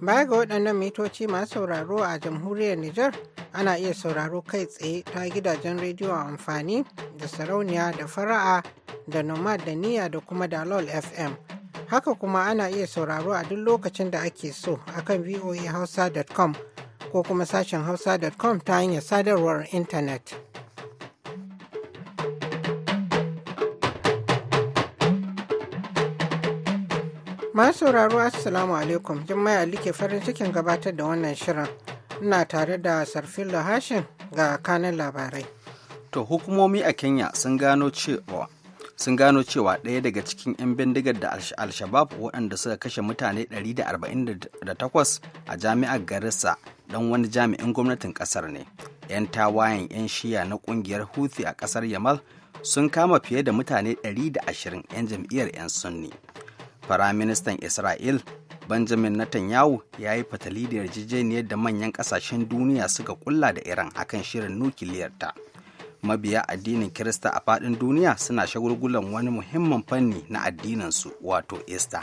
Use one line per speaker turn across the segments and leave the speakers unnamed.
Baya ga waɗannan mitoci masu sauraro a jamhuriyar Nijar ana iya sauraro kai tsaye ta gidajen rediyo a amfani da sarauniya da fara'a da nomad da niyya da kuma dalol FM. Haka kuma ana iya sauraro a duk lokacin da ake so a akan voahausa.com ko kuma sashen hausa.com ta hanyar sadarwar intanet. Masu sauraro Assalamu alaikum Jummai Ali farin cikin gabatar da wannan shirin. Ina tare da sarfin hashin ga kanan labarai.
To hukumomi a Kenya sun gano cewa sun gano cewa ɗaya daga cikin 'yan bindigar da al waɗanda suka kashe mutane 148 a jami'ar garissa don wani jami'in gwamnatin ƙasar ne 'yan tawayen 'yan shiya na ƙungiyar houthi a ƙasar yamal sun kama fiye da mutane 120 'yan jam'iyyar 'yan sunni Firaministan Isra'il Benjamin Netanyahu ya yi fatali da yarjejeniyar da manyan ƙasashen duniya suka kulla da Iran akan shirin nukiliyarta. Mabiya addinin Kirista a faɗin duniya suna shagulgulan wani muhimmin fanni na addininsu wato
Easter.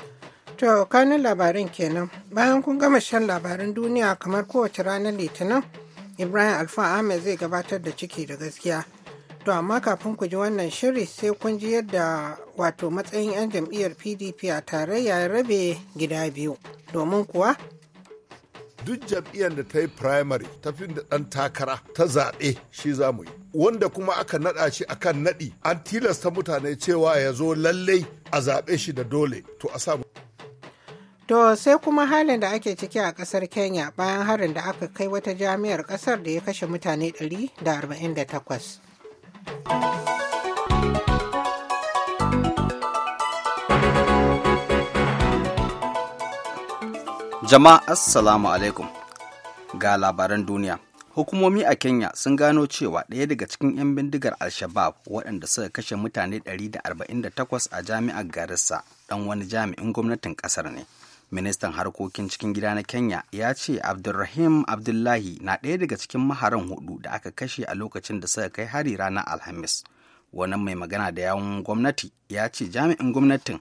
To, kanin labarin kenan. Bayan kun gama shan labarin duniya kamar kowace ranar Litinin, Ibrahim Alfa Ahmed zai gabatar da ciki da gaskiya. To amma kafin ku ji wannan shiri sai kun ji yadda wato matsayin 'yan jam'iyyar PDP a tarayya ya rabe gida biyu. Domin kuwa
duk jam'iyyar da ta yi primary ta fi da ɗan takara ta zaɓe shi za mu yi wanda kuma aka naɗa shi akan naɗi an tilasta mutane cewa ya zo lallai a zaɓe shi da dole to a samu
To sai kuma halin da ake ciki a ƙasar Kenya bayan harin da aka kai wata jami'ar ƙasar da ya kashe mutane 148.
Jama'a Assalamu alaikum ga labaran duniya. Hukumomi a Kenya sun gano cewa ɗaya daga cikin 'yan bindigar Al-Shabaab waɗanda suka kashe mutane 148 a jami'ar Garissa ɗan wani jami'in gwamnatin ƙasar ne. ministan harkokin cikin gida na kenya ya ce abdulrahim abdullahi na ɗaya daga cikin maharan hudu da aka kashe a lokacin da suka kai hari ranar alhamis wani mai magana da yawun gwamnati ya ce jami'in gwamnatin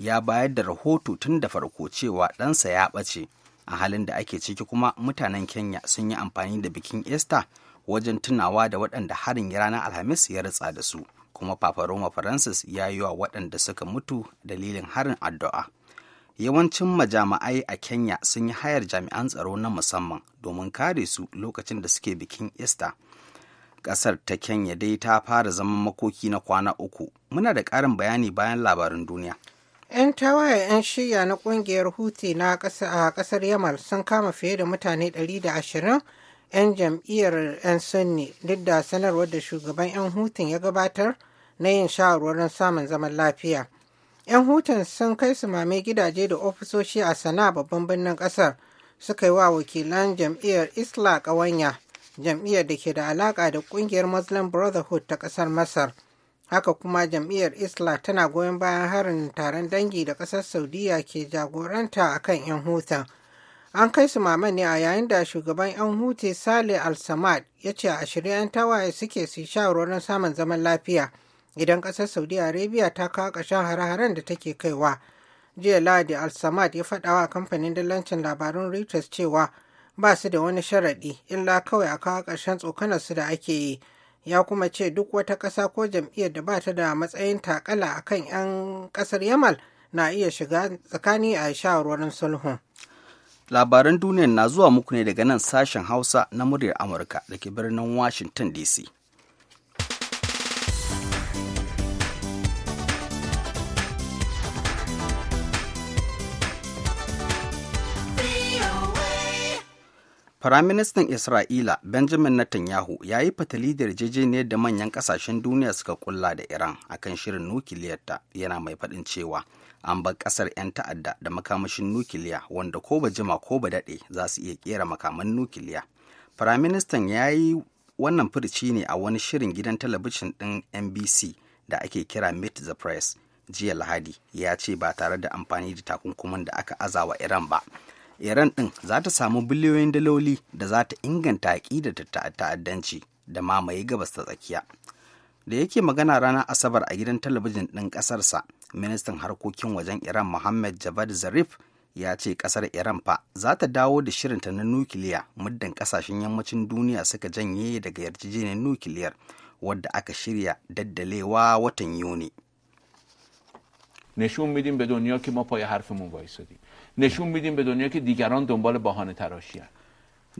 ya bayar da rahoto tun da farko cewa ɗansa ya ɓace a halin da ake ciki kuma mutanen kenya sun yi amfani da bikin easter wajen tunawa da waɗanda harin ranar alhamis ya ritsa da su kuma papa roma francis ya yi wa waɗanda suka mutu dalilin harin addu'a yawancin majami'ai a kenya sun yi hayar jami'an tsaro na musamman domin kare su lokacin da suke bikin easter ƙasar ta kenya dai ta fara zaman makoki na kwana uku muna da ƙarin bayani bayan labarin duniya
'yan tawaye 'yan shiya na ƙungiyar huti na ƙasar kasar yamal sun kama fiye da mutane 120 'yan jam'iyyar 'yan sunni duk da sanarwar da shugaban 'yan hutun ya gabatar na yin shawarwarin samun zaman lafiya 'Yan hutun sun kai su mame gidaje da ofisoshi a sana babban birnin ƙasar suka yi wa wakilan jam'iyyar Isla ƙawanya, jam'iyyar da ke da alaƙa da ƙungiyar Muslim Brotherhood ta ƙasar Masar. Haka kuma jam'iyyar Isla tana goyon bayan harin taron dangi da ƙasar Saudiya ke jagoranta a kan 'yan hutun. an kai su maman ne a yayin da shugaban 'yan huti sale al-samad ya ce a shirye 'yan tawaye suke su shawarwarin samun zaman lafiya idan ƙasar saudi arabia ta kawo ƙarshen hare-haren da take kaiwa jiya lahadi al-samad ya faɗawa kamfanin dillancin labarun reuters cewa ba su da wani sharaɗi illa kawai a kawo ƙarshen tsokanar su da ake yi ya kuma ce duk wata ƙasa ko jam'iyyar da ba ta da matsayin takala a kan 'yan ƙasar yamal na iya shiga tsakani a shawarwarin sulhun
labaran duniya na zuwa muku ne daga nan sashen hausa na muryar amurka da ke birnin washington dc Firaministan Isra'ila Benjamin Netanyahu ya yi fatali da yarjejeniyar da manyan kasashen duniya suka kulla da Iran akan shirin nukiliyarta yana mai faɗin cewa an bar ƙasar 'yan ta'adda da makamashin nukiliya wanda ko ba jima ko ba daɗe za su iya kera makaman nukiliya. Firaministan ya yi wannan firci ne a wani shirin gidan talabijin ɗin NBC da ake kira Meet the Press jiya Lahadi ya ce ba tare da amfani da takunkumin da aka azawa Iran ba. iran ɗin za ta samu biliyoyin daloli da za ta inganta da ta'addanci da mamaye gabas ta tsakiya da yake magana ranar asabar a gidan talabijin ɗin ƙasarsa ministan harkokin wajen iran mohammed javad zarif ya ce ƙasar iran fa za ta dawo da shirinta na nukiliya muddin ƙasashen yammacin duniya suka janye daga yarjejeniyar nukiliyar wadda aka
shirya daddalewa watan yuni نشون میدیم به دنیا که ما پای حرفمون وایسادیم نشون میدیم به دنیا که دیگران دنبال بهانه تراشی هن.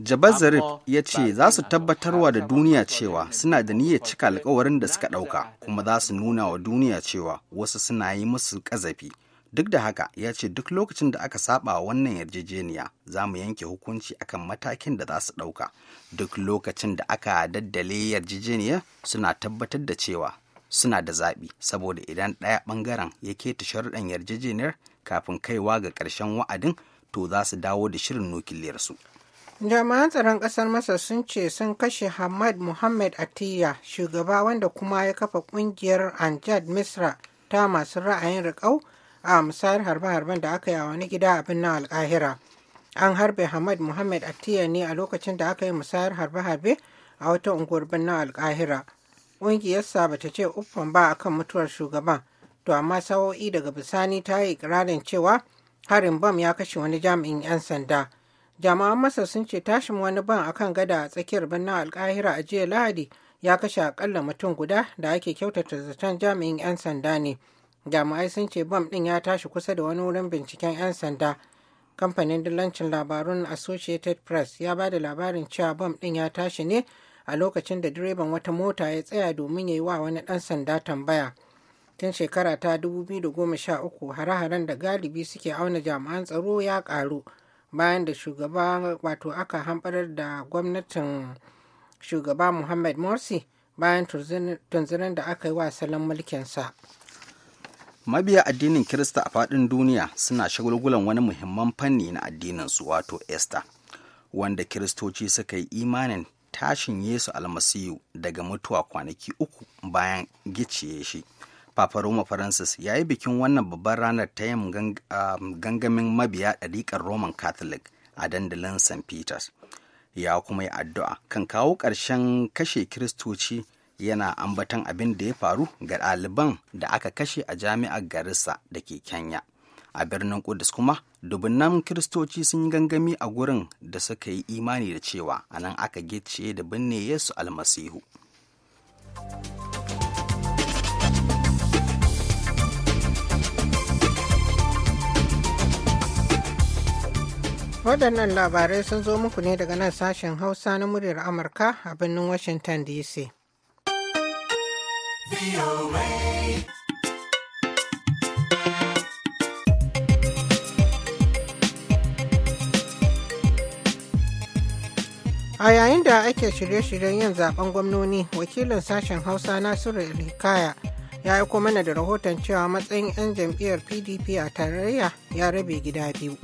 Zarif ya ce za su tabbatarwa da duniya cewa suna da niyyar cika alkawarin da suka ɗauka kuma za su nuna wa duniya cewa wasu suna yi musu ƙazafi. Duk da haka ya ce duk lokacin da aka saba wannan yarjejeniya za mu yanke hukunci akan matakin da za su ɗauka. Duk lokacin da aka daddale yarjejeniya suna tabbatar da cewa suna da zaɓi saboda idan ɗaya ɓangaren ya keta sharuɗan yarjejeniyar kafin kaiwa ga ƙarshen wa'adin to za su dawo da shirin nukiliyarsu.
jami'an tsaron ƙasar masar sun ce sun kashe hamad muhammad atiya shugaba wanda kuma ya kafa ƙungiyar anjad misra ta masu ra'ayin riƙau a musayar harbe-harben da aka yi a wani gida a na alkahira an harbe hamad muhammad atiya ne a lokacin da aka yi musayar harbe-harbe a wata unguwar birnin alkahira ƙungiyarsa ba ta ce uffan ba akan mutuwar shugaban to amma sawo'i daga bisani ta yi ikirarin cewa harin bam ya kashe wani jami'in 'yan sanda jami'an masa sun ce tashin wani ban akan gada a tsakiyar birnin alkahira a jiya lahadi ya kashe akalla mutum guda da ake kyautata zaton jami'in 'yan sanda ne jami'ai sun ce bam din ya tashi kusa da wani wurin binciken 'yan sanda kamfanin dillancin labarun associated press ya ba da labarin cewa bam din ya tashi ne a lokacin da direban wata mota ya tsaya domin ya yi wa wani ɗan sanda tambaya tun shekara ta 2013 hare-haren da galibi suke auna jami'an tsaro ya karu bayan da shugaba wato aka hamɓarar da gwamnatin shugaba muhammad morsi bayan tunzirin da aka yi wa salon mulkinsa
mabiya addinin kirista a faɗin duniya suna shagulgulan wani muhimman fanni na addinin su wato esta wanda kiristoci suka yi imanin tashin yesu almasihu daga mutuwa kwanaki uku bayan gicciye shi Papa Roma Francis ya yi bikin wannan babban ranar ta yin um, gangamin mabiya ɗariƙar Roman Catholic a dandalin St. Peters. Ya kuma yi addu'a kan kawo ƙarshen kashe Kiristoci yana ambatan abin da ya faru ga ɗaliban da aka kashe a jami'ar Garissa da ke Kenya. A birnin Kudus kuma, dubunnan Kiristoci sun yi gangami a gurin da suka yi imani da cewa anan aka gice da binne Yesu almasihu.
Waɗannan labarai sun zo muku ne daga nan sashen Hausa na muryar Amurka a birnin Washington DC. A yayin da ake shirye-shiryen yin zaben gwamnoni, wakilin sashen Hausa Nasiru Hikaya ya aiko mana da rahoton cewa matsayin 'yan jam'iyyar PDP a tarayya
ya rabe gida biyu.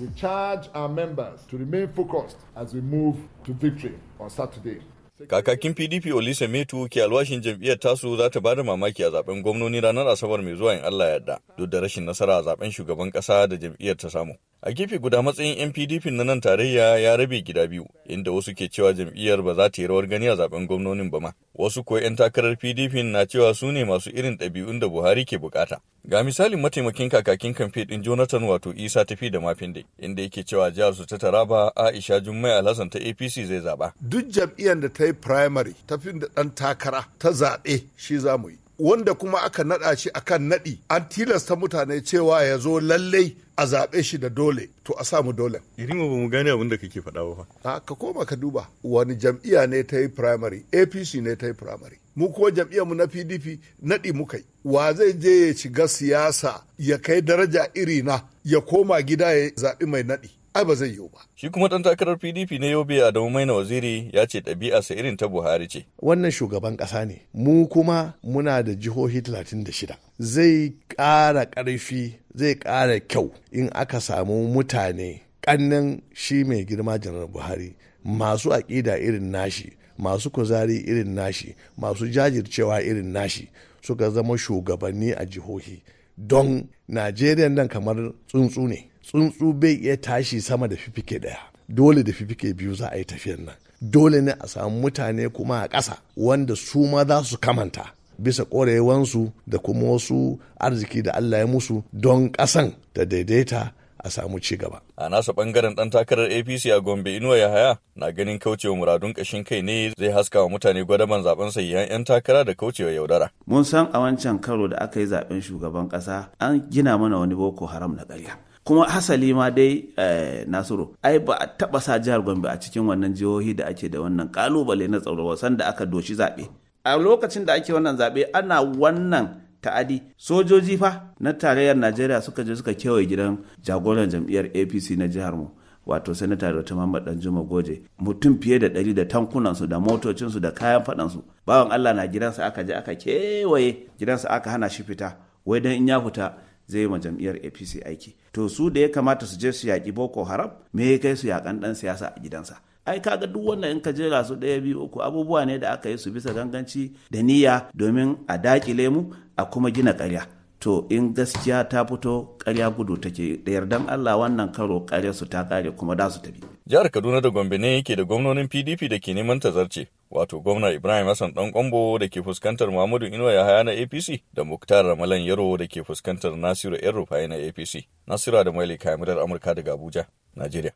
We charge our members to remain focused as we move to victory on Saturday.
Kakakin PDP Olise Metu ke alwashin jam'iyyar tasu za ta bada mamaki a zaben gwamnoni ranar Asabar mai zuwa in Allah yadda duk da rashin nasara a zaben shugaban ƙasa da jam'iyyar ta samu. A gefe guda matsayin 'yan PDP na nan tarayya ya rabe gida biyu, inda wasu ke cewa jam'iyyar ba za ta yi rawar gani a zaben gwamnonin ba ma. Wasu kuwa 'yan takarar PDP na cewa su ne masu irin ɗabi'un da Buhari ke bukata. Ga misalin mataimakin kakakin kamfe ɗin Jonathan wato Isa tafi da Mafinde, inda yake cewa jihar su ta Taraba Aisha Jummai Alhassan ta APC zai zaɓa.
Duk jam'iyyar da ta yi primary fi da ɗan takara ta zaɓe shi za mu yi. wanda kuma aka naɗa shi akan naɗi an tilasta mutane cewa ya zo lallai a zaɓe shi da dole to a samu dole.
Irin ba mu gane abin da kake faɗa ba.
A ka koma ka duba wani jam'iyya ne ta yi primary APC ne ta yi primary. Mu ko mu na PDP naɗi muka yi. Wa zai je ya shiga siyasa ya kai daraja iri na ya koma gida ya zaɓi mai naɗi. ai ba zai yiwu ba.
Shi kuma ɗan takarar PDP na Yobe Adamu Maina Waziri ya ce ɗabi'a sa irin ta Buhari ce. Wannan shugaban ƙasa ne,
mu kuma muna da jihohi 36. Zai ƙara ƙarfi zai ƙara kyau in aka samu mutane ƙannen shi mai girma janar buhari masu aƙida irin nashi masu kuzari irin nashi masu jajircewa irin nashi suka zama shugabanni a jihohi don najeriya nan kamar tsuntsu ne tsuntsu bai iya tashi sama da fifike daya dole da fifike biyu za a yi tafiyar nan dole ne a samu mutane kuma a ƙasa wanda su ma za su kamanta bisa ƙorewansu da kuma wasu arziki da Allah ya musu don
ƙasan da daidaita a samu ci gaba. A nasa ɓangaren ɗan takarar APC a Gombe Inuwa ya haya na ganin kaucewa muradun ƙashin kai ne zai haska wa mutane gwadaban zaben sayyan 'yan takara da kaucewa yaudara.
Mun san a wancan karo da aka yi zaben shugaban ƙasa an gina mana wani boko haram na ƙarya. kuma hasali ma dai eh, nasiru ai ba a taɓa sa jihar gombe a cikin wannan jihohi da ake da wannan kalubale na tsaro sanda aka doshi zaɓe a lokacin da ake wannan zaɓe ana wannan ta'adi sojoji fa na tarayyar najeriya suka je suka kewaye gidan jagoran jam'iyyar apc na jihar mu wato sanata da muhammad danjuma goje mutum fiye da ɗari da tankunansu da motocinsu da kayan faɗansu bawan allah na gidansa aka je aka kewaye gidansa aka hana shi fita wai dan in ya fita zai yi ma jam'iyyar apc aiki to su da ya kamata su je su yaƙi boko haram me ya kai su yaƙan ɗan siyasa a gidansa ai kaga duk wannan in ka jera su ɗaya biyu uku abubuwa ne da aka yi su bisa ganganci da niyya domin a dakile mu a kuma gina ƙarya to in gaskiya ta fito ƙarya gudu take da yardan Allah wannan karo ƙarya su ta ƙare kuma da su tafi
jihar Kaduna da Gombe ne yake da gwamnonin PDP da ke neman tazarce wato gwamna Ibrahim Hassan Dan Kwambo da ke fuskantar Muhammadu Inuwa Yahaya na APC da Muktar Ramalan Yaro da ke fuskantar Nasiru Yan Rufai na APC Nasiru da Maili Kamilar Amurka daga Abuja Najeriya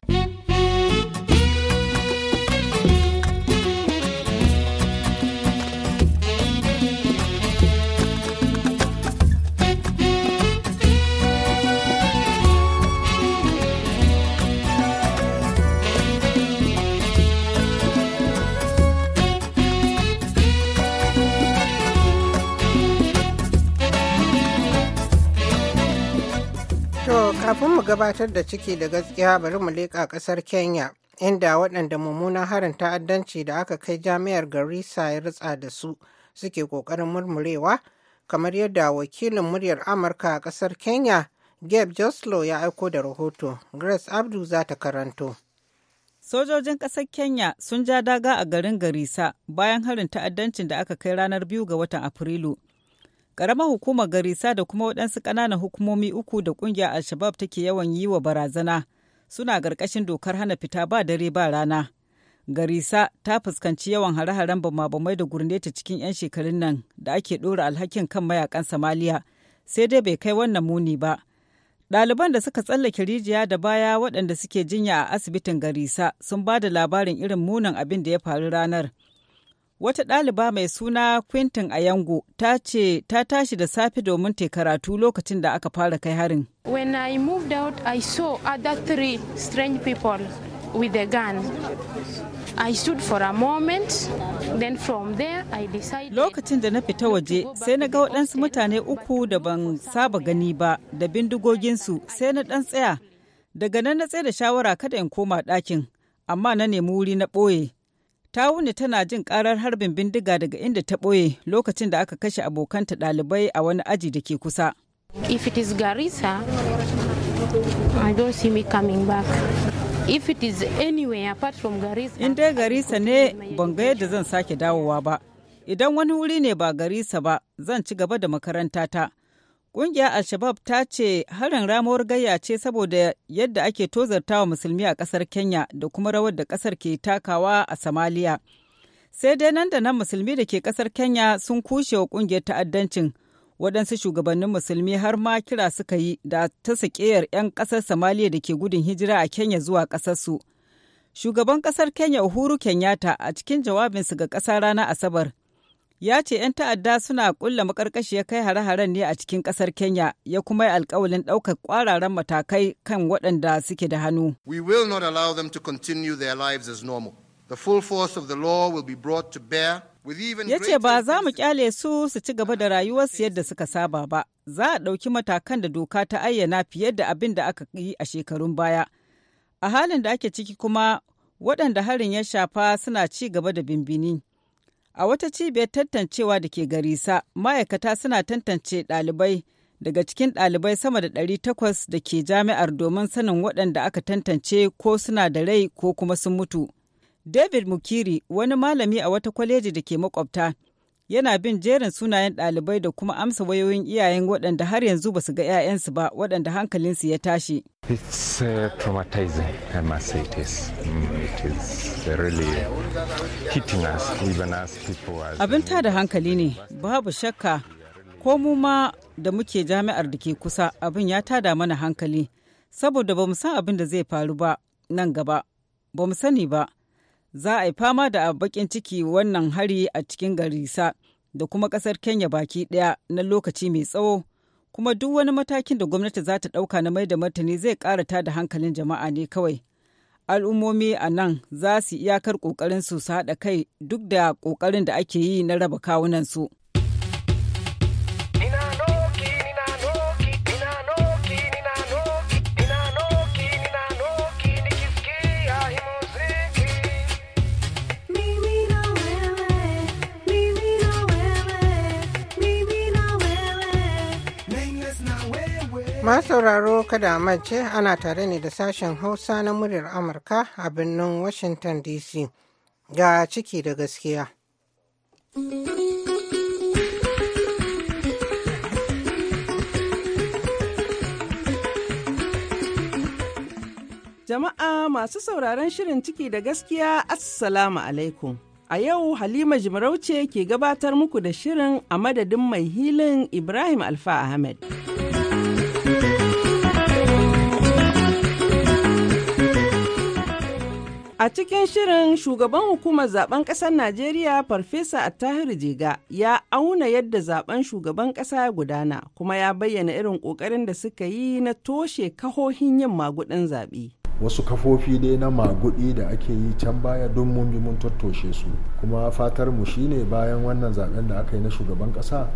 Kafin mu gabatar da ciki da gaskiya bari mu leƙa ƙasar Kenya, inda waɗanda mummunan harin ta'addanci da aka kai jami'ar Garissa ya ritsa da su suke ƙoƙarin murmurewa, kamar yadda wakilin muryar Amurka a ƙasar Kenya, Gabe Joslo ya aiko da rahoto. Grace Abdu za ta karanto.
Sojojin ƙasar Kenya sun ja daga a garin garisa bayan harin ta'addancin da aka kai ranar biyu ga watan Afrilu. Ƙaramar hukumar Garisa da kuma waɗansu ƙananan hukumomi uku da ƙungiyar Alshabab take yawan yi wa barazana suna ƙarƙashin dokar hana fita ba dare ba rana. Garisa ta fuskanci yawan hare-haren bama-bamai da gurneta cikin 'yan shekarun nan da ake ɗora alhakin kan mayakan Somalia, sai dai bai kai wannan muni ba. Ɗaliban da suka tsallake rijiya da baya waɗanda suke jinya a asibitin Garisa sun ba da labarin irin munin abin da ya faru ranar. Wata ɗaliba mai suna Quintin Ayango ta ce ta tashi da safe domin ta karatu lokacin da aka fara kai harin. When I moved out, I saw other three strange people with a gun. I stood for a moment, then from there I decided... Lokacin da na fita waje sai na ga waɗansu mutane uku da ban saba gani ba da bindigoginsu sai na ɗan tsaya. Daga nan na tsaye da shawara kada in koma ɗakin, amma na nemi wuri na ɓoye. ta wuni tana jin karar harbin bindiga daga inda ta ɓoye lokacin da aka kashe abokanta ɗalibai a wani aji da ke kusa. If it is Garissa, I don't see me coming back. If it is anywhere apart from Garissa. In dai Garissa ne ban ga yadda zan sake dawowa ba. Idan wani wuri ne ba Garissa ba, zan ci gaba da makaranta ta. Ƙungiyar Al-Shabab ta ce harin ramuwar gayya ce saboda yadda ake tozarta wa musulmi a ƙasar Kenya da kuma rawar da ƙasar ke takawa a Somalia. Sai dai nan da nan musulmi da ke ƙasar Kenya sun kushe wa ƙungiyar ta'addancin. Waɗansu shugabannin musulmi har ma kira suka yi da ta sakeyar 'yan ƙasar Somalia da ke gudun hijira a Kenya zuwa ƙasarsu. Shugaban ƙasar Kenya Uhuru Kenyatta a cikin jawabinsu ga ƙasa ranar Asabar ya ce 'yan ta'adda suna kulla ƙulla ya kai hare-haren ne a cikin ƙasar Kenya ya kuma yi alkawalin ɗaukar ƙwararan matakai kan waɗanda suke da hannu.
We will not allow them to continue their lives as normal. The full force of the law will be brought to bear
ya ce ba za mu kyale su su ci gaba da rayuwarsu yadda suka saba ba za a ɗauki matakan da doka ta ayyana fiye da abin da aka yi a shekarun baya a halin da ake ciki kuma waɗanda harin ya shafa suna ci gaba da bimbini A wata cibiyar tantancewa da ke Garisa, ma'aikata suna tantance ɗalibai daga cikin ɗalibai sama da ɗari takwas da ke jami'ar domin sanin waɗanda aka tantance ko suna da rai ko kuma sun mutu. David Mukiri, wani malami a wata kwaleji da ke makwabta, yana bin jerin sunayen ɗalibai da kuma amsa wayoyin iyayen waɗanda har yanzu ba su ga 'ya'yansu ba waɗanda hankalinsu ya tashi.
It's uh, traumatizing,
Abin tada hankali ne, babu shakka. Ko mu ma da muke jami'ar da ke kusa abin ya tada mana hankali, saboda ba mu san abin da zai faru ba nan gaba, ba mu sani ba. Za a yi fama da bakin ciki wannan hari a cikin garisa. da kuma ƙasar Kenya baki ɗaya na lokaci mai tsawo, kuma duk wani matakin da gwamnati za ta ɗauka na mai da martani zai ƙara da hankalin jama'a ne kawai. Al'ummomi a nan za su iyakar ƙoƙarin su haɗa kai duk da ƙoƙarin da ake yi na raba kawunan su.
sauraro
kada mace ana tare ne da sashen Hausa na muryar Amurka a birnin Washington DC ga ciki da gaskiya.
Jama'a masu sauraron shirin ciki da gaskiya Assalamu alaikum. A yau Halima Jimarauce ke gabatar muku da shirin a madadin mai hilin Ibrahim Alfa Ahmed. A cikin shirin shugaban hukumar zaben ƙasar Najeriya Farfesa Attahiru Jega ya auna yadda zaben shugaban ƙasa ya gudana kuma ya bayyana irin ƙoƙarin da suka yi na toshe kahohin yin magudin zaɓe.
Wasu kafofi dai na magudi da ake yi can baya don mun bi mun tattoshe su kuma fatar mu shine bayan wannan zaben da aka yi na shugaban ƙasa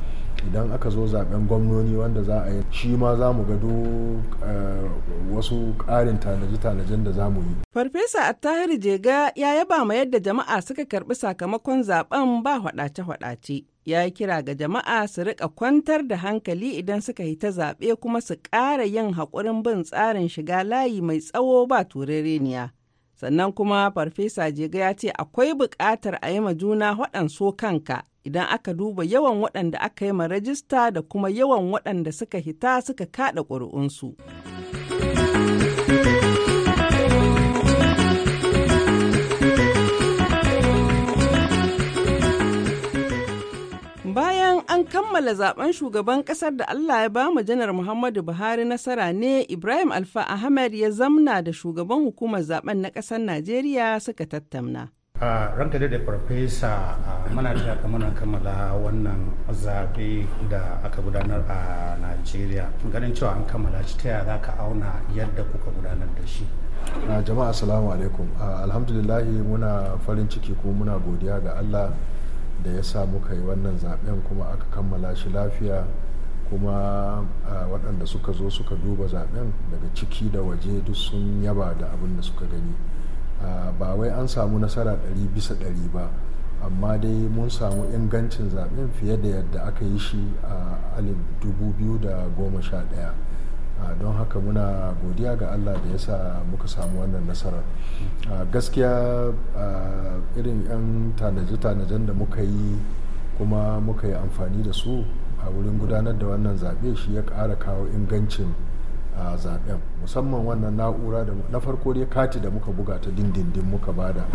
idan aka zo zaben gwamnoni wanda za a yi shi ma za mu gado eh, wasu ƙarin tanaje-tanajen da za mu yi.
Farfesa Attahir Jega ya yaba ma yadda jama'a suka karɓi sakamakon zaben ba hwadace-hwadace. Ya yi kira ga jama'a su rika kwantar da hankali idan suka yi ta zaɓe kuma su ƙara yin haƙurin bin tsarin shiga layi mai tsawo ba turereniya. sannan kuma farfesa jega ya ce akwai buƙatar a yi ma juna waɗansu kanka idan aka duba yawan waɗanda aka yi ma rajista da kuma yawan waɗanda suka hita suka kaɗa ƙuri'unsu. Bayan an kammala zaben shugaban ƙasar da Allah ya bamu janar Muhammadu Buhari nasara ne Ibrahim Alfa Ahmed ya zamna da shugaban hukumar zaben na ƙasar Najeriya suka tattauna.
a ranka da farfesa mana da kamar kammala wannan zaɓe da aka gudanar a najeriya ganin cewa an kammala shi ta yaya za ka auna yadda kuka gudanar da shi
na jama'a assalamu alaikum alhamdulillahi muna farin ciki ko muna godiya ga allah da ya sa muka yi wannan zaben kuma aka kammala shi lafiya kuma waɗanda suka zo suka duba zaben daga ciki da waje duk sun yaba da abin da suka gani Ah, ba wai an samu nasara ɗari bisa ɗari ba amma dai mun samu ingancin zaɓen fiye da yadda aka yi shi a 2011 ah, don haka muna godiya ga allah da ya sa muka samu wannan nasarar ah, gaskiya irin 'yan tanaje-tanajen da muka yi kuma muka yi amfani da su a wurin gudanar da wannan zaɓe shi ya ƙara kawo ingancin a zaben musamman wannan na'ura da na farko dai kati da muka buga ta dindindin muka bada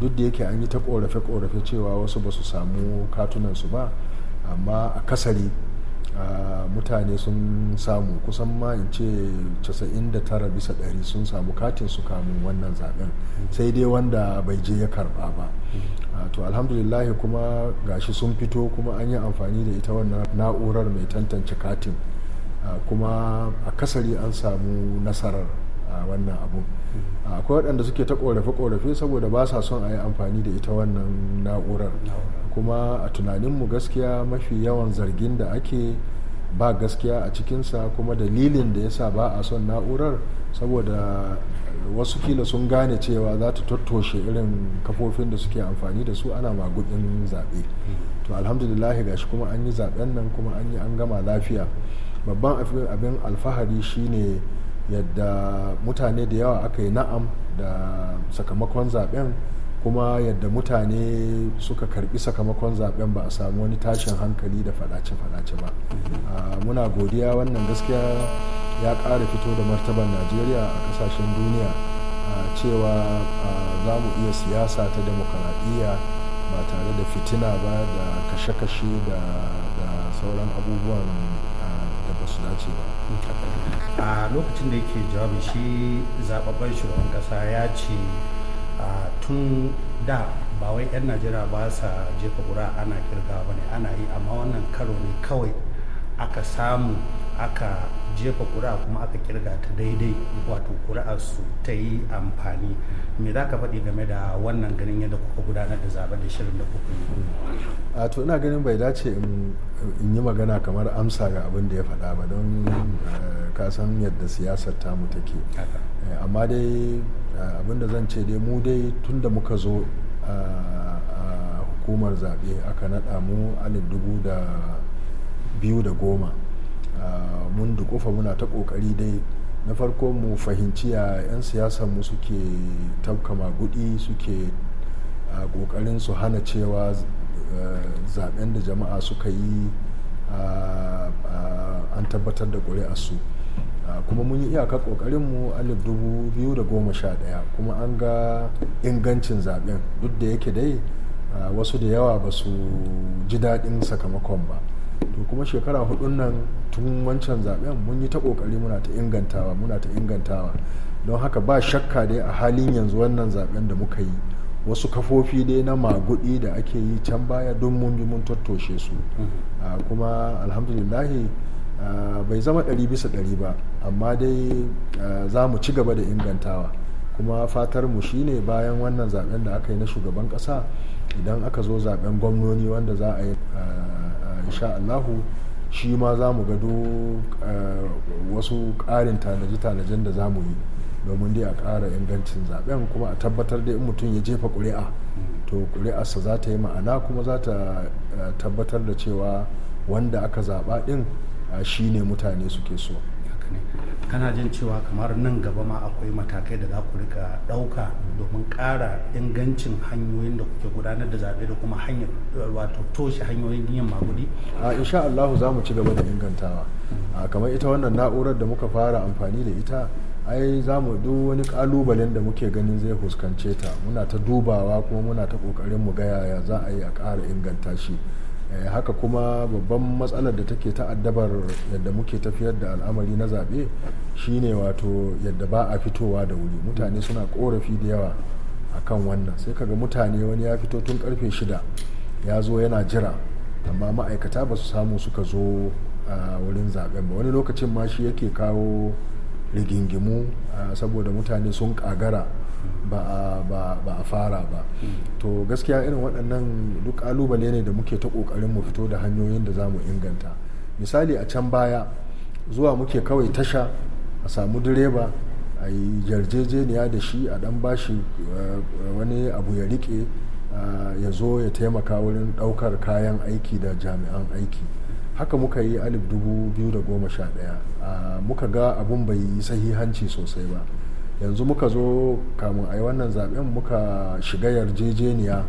duk da yake an yi ta korafe korafe cewa wasu ba su samu katunan su ba amma a kasari mutane sun samu kusan ma in ce 99 bisa 100 sun samu katin su kamun wannan zaben sai dai wanda bai je ya karba ba to alhamdulillahi kuma gashi sun fito kuma an yi amfani da ita wannan na'urar mai tantance katin Ah, kuma a kasari an samu nasarar a ah, wannan abu ah, akwai waɗanda suke ta ƙorafe-ƙorafe saboda ba sa son a yi amfani da ita wannan na'urar kuma a tunaninmu gaskiya mafi yawan zargin da ake ba gaskiya a cikinsa kuma dalilin da ya sa ba a son na'urar saboda wasu kila sun gane cewa za ta tattoshe irin kafofin da suke amfani da su ana magudin zaɓe hmm. to alhamdulillahi gashi kuma an yi zaɓen nan kuma an yi an gama lafiya babban abin alfahari shine yadda mutane da yawa aka yi na'am da sakamakon zaben kuma yadda mutane suka karbi sakamakon zaben ba a samu wani tashin hankali da fadace-fadace ba mm-hmm. ah, muna godiya wannan gaskiya ya ƙara fito da martaban najeriya a kasashen duniya ah, cewa ah, za mu iya siyasa ta demokaradiyya ba tare da fitina ba da kashe-kashe da sauran abubuwan shi dace
a lokacin da yake jawabi shi zababban shugaban kasa ya ce tun da ba wai 'yan najeriya ba sa jefa ƙura ana kirga ba ne ana yi amma wannan karo ne kawai aka samu aka jefa kura kuma aka kirga ta daidai wato ƙuri'a su ta yi amfani me za ka faɗi game da wannan ganin yadda kuka gudanar da zaben da shirin da
kuka yi a to ina ganin bai dace in yi magana kamar amsa ga abin da ya faɗa ba don eh, kasan yadda siyasar mu take eh, amma dai eh, abin da zan ce dai mu dai tun da muka zo a ah, ah, hukumar zaɓe aka naɗa mu alif dubu da biyu da goma ah, mun dukufa muna ta kokari dai na farko mu fahimci ya 'yan siyasar mu suke tabka magudi suke kokarin ah, su hana cewa ah, zaben da jama'a suka yi an tabbatar da su kuma mun yi iyaka mu alif dubu biyu da goma sha ɗaya kuma an ga ingancin zaben duk da yake dai wasu da yawa ba su ji daɗin sakamakon ba to kuma shekara hudun nan tun wancan zaben mun yi ta kokari muna ta ingantawa muna ta ingantawa don haka ba shakka dai a halin yanzu wannan zaben da muka yi wasu kafofi dai na magudi da ake yi can baya don mun bi mun tattoshe su mm-hmm. ah, kuma alhamdulillahi ah, bai zama ɗari bisa ɗari ba amma dai ah, za mu ci gaba da ingantawa kuma fatar mu shine bayan wannan zaben da aka yi na shugaban ƙasa idan aka zo zaben gwamnoni wanda za a yi insha Allahu shi ma za mu gado eh, wasu ƙarin tanaje-tanajen da za mu yi domin dai a ƙara ingancin zaben kuma a tabbatar da in mutum ya jefa ƙuri'a to ƙuri'arsa za ta yi ma'ana kuma za ta eh, tabbatar da cewa wanda aka zaɓa ɗin eh, shi ne mutane suke so
ne kana jin cewa kamar nan gaba ma akwai matakai da za ku rika ɗauka domin ƙara ingancin hanyoyin da kuke gudanar da zaɓe da kuma hanyar wato toshe hanyoyin yin maguɗi?
a insha allahu za mu ci gaba da ingantawa kamar ita wannan na'urar da muka fara amfani da ita ai za mu duk wani kalubalen da muke ganin zai fuskance ta muna ta dubawa kuma muna ta kokarin mu ga yaya za a yi a ƙara inganta shi Eh, haka kuma babban matsalar da take ta'addabar yadda muke tafiyar da al'amari na zaɓe shine wato yadda ba a fitowa da wuri mutane suna korafi da yawa a kan wannan sai kaga mutane wani ya fito tun karfe shida ya zo yana jira amma ma'aikata ba su samu suka zo a ah, wurin zaɓen ba wani lokacin ma shi yake kawo rigingimu saboda mutane sun kagara ba a fara ba to gaskiya irin waɗannan duk kalubale ne da muke ta ƙoƙarin mu fito da hanyoyin da za mu inganta misali a can baya zuwa muke kawai tasha a samu direba a yi yarjejeniya da shi a dan bashi wani abu ya rike ya zo ya taimaka wurin ɗaukar kayan aiki da jami'an aiki haka muka yi alif dubu biyu da goma sha ɗaya ah, muka ga abun bai yi sahihanci sosai ba yanzu muka zo kamun a yi wannan zaben muka shiga yarjejeniya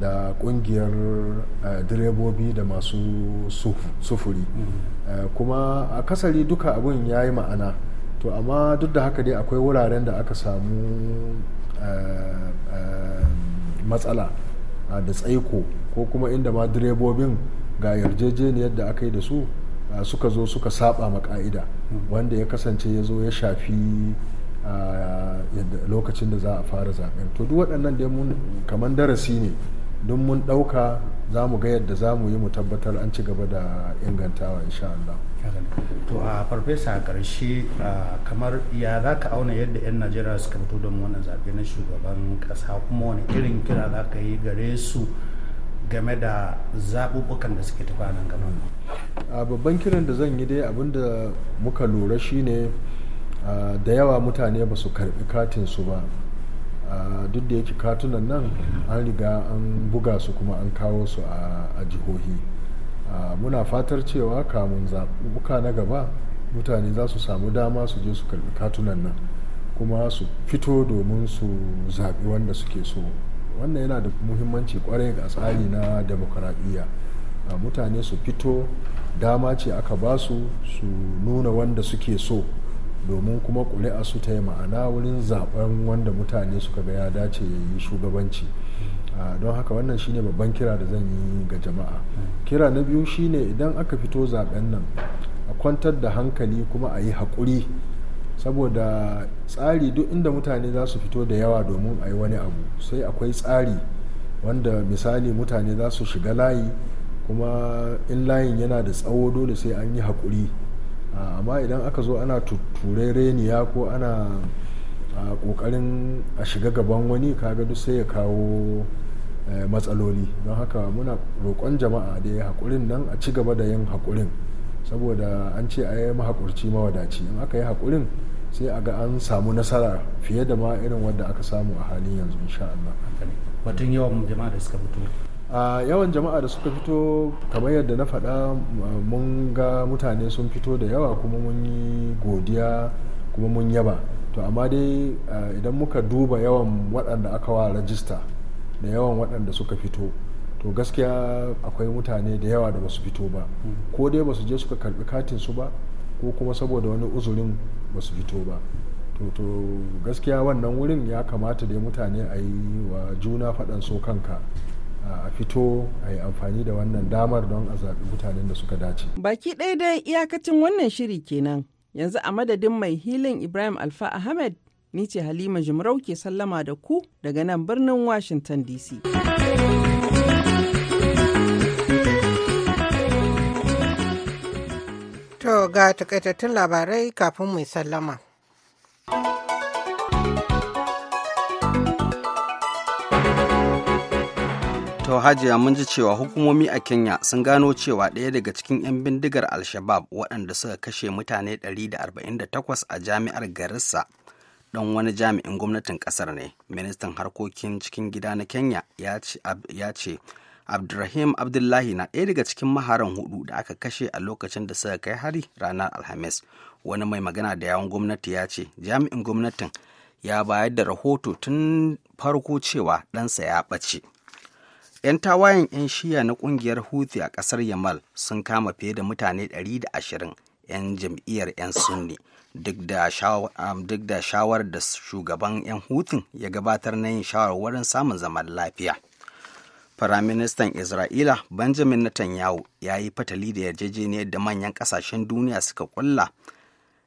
da kungiyar eh, direbobi da masu sufuri mm-hmm. eh, kuma a kasari duka abun ya yi ma'ana to amma duk da haka dai akwai wuraren da aka samu eh, matsala ah, da tsaiko ko kuma inda ma direbobin ga yarjejeniyar da aka yi da su suka zo suka saba ma ka'ida wanda ya kasance ya zo ya shafi lokacin da za a fara zaben to duk waɗannan dai mun kamar darasi ne don mun ɗauka za mu ga yadda za mu yi mu tabbatar an ci gaba da ingantawa insha Allah.
to a farfesa a ƙarshe kamar ya za ka auna yadda 'yan najeriya suka fito don wannan zaɓe na shugaban ƙasa kuma wani irin kira za ka yi gare su game da zaɓuɓɓukan da suke tafi nan
gaba a babban kiran da zan yi dai abinda muka lura shine da yawa mutane ba su karɓi katin su ba duk da yake katunan nan an riga an buga su kuma an kawo su a jihohi muna fatar cewa kamun zaɓuɓɓuka na gaba mutane za su samu dama su je su karɓi katunan nan kuma su fito domin su zaɓi wanda suke so wannan yana da muhimmanci kwarai ga tsari na demokaradiyya mutane su fito dama ce aka ba su su nuna wanda suke so domin kuma ƙuri'a su ta yi ma'ana wurin zaben wanda mutane suka ga ya dace ya yi shugabanci don haka wannan shine babban kira da zan yi ga jama'a kira na biyu shine idan aka fito zaben nan a kwantar da hankali kuma a yi haƙuri saboda tsari duk inda mutane za su fito da yawa domin a yi wani abu sai akwai tsari wanda misali mutane za su shiga layi kuma in layin yana da tsawo dole sai an yi haƙuri amma idan aka zo ana tuture reniya ko ana ƙoƙarin a shiga gaban wani kaga duk sai ya kawo eh, matsaloli don haka muna roƙon jama'a da ya haƙurin nan a ci gaba da yin haƙurin saboda an ce a yi mahaƙurci mawadaci in aka yi haƙurin sai a ga an samu nasara fiye da ma irin wadda aka samu a halin yanzu insha Allah
batun yawan jama'a da suka fito
a yawan jama'a da suka fito kamar yadda na faɗa mun ga mutane sun fito da yawa kuma mun yi godiya kuma mun yaba to amma dai idan muka duba yawan waɗanda aka wa rajista da yawan waɗanda suka fito to gaskiya akwai mutane da yawa da basu fito ba hmm. ko dai basu je suka karɓi katin su ba ko kuma saboda wani uzurin ba su fito ba to gaskiya wannan wurin ya kamata dai mutane a yi wa juna faɗan so kanka a fito a yi amfani da wannan damar don a zaɓi mutanen da suka dace.
Baki ɗaya dai iyakacin wannan shiri kenan yanzu a madadin mai hilin Ibrahim Alfa Ahmed ni ce Halima Jimarau ke sallama da ku daga nan birnin Washington DC.
ga takaitattun labarai kafin mu sallama.
To Hajiya mun ji cewa hukumomi a Kenya sun gano cewa ɗaya daga cikin 'yan bindigar Al-Shabab waɗanda suka kashe mutane 148 a jami'ar Garissa ɗan wani jami'in gwamnatin ƙasar ne. Ministan harkokin cikin gida na Kenya ya ce abdulrahim abdullahi na ɗaya daga cikin maharan hudu da aka kashe a lokacin da suka kai hari ranar alhamis wani mai magana da yawon gwamnati ya ce jami'in gwamnatin ya bayar da rahoto tun farko cewa ɗansa ya ɓace 'yan tawayen 'yan shiya na ƙungiyar huthi a ƙasar yamal sun kama fiye da mutane 120 'yan jam'iyyar 'yan sunni duk da shawarar da shugaban 'yan hutun ya gabatar na yin shawarwarin samun zaman lafiya Firaministan Isra'ila Benjamin Netanyahu ya yi fatali da yarjejeniyar da manyan kasashen duniya suka kulla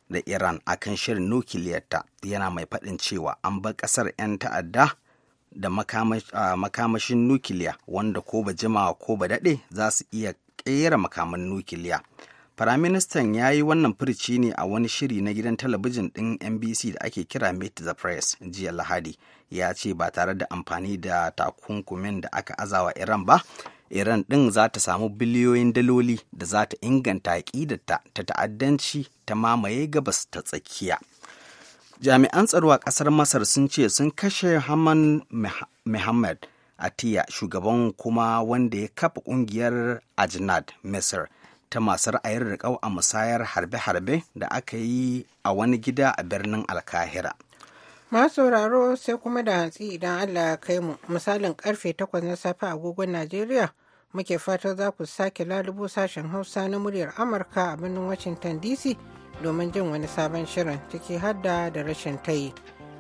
da Iran a kan shirin nukiliyarta yana mai faɗin cewa an bar ƙasar 'yan ta'adda da makamashin nukiliya wanda ko ba jimawa ko ba daɗe za su iya ƙera makaman nukiliya. Firaministan ya yi wannan furci ne a wani shiri na gidan talabijin ɗin NBC da ake kira Meet the Press jiya Lahadi. Ya ce ba tare da amfani da takunkumin da aka azawa Iran ba, Iran ɗin za ta samu biliyoyin daloli da za ta inganta ƙidata ta ta'addanci ta mamaye gabas ta tsakiya. Jami'an tsaro a ƙasar Masar sun ce sun kashe Haman Muhammad Atiya, shugaban kuma wanda ya kafa ƙungiyar Ajnad Masar. ta masu ra'ayin riƙau a musayar harbe-harbe da aka yi a wani gida a birnin alkahira
masu sauraro sai kuma da hantsi idan allah ya kai mu misalin karfe 8 na safe agogon najeriya muke fatan za ku sake lalubo sashen hausa na muryar amurka a birnin washington dc domin jin wani sabon shirin ciki hadda da rashin tayi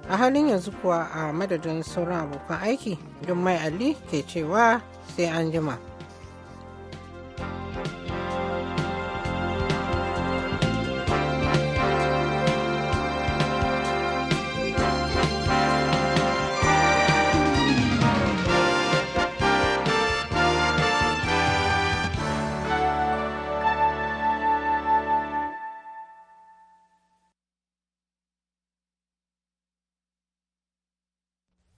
a halin yanzu kuwa a madadin sauran abokan aiki don mai ali ke cewa sai an jima.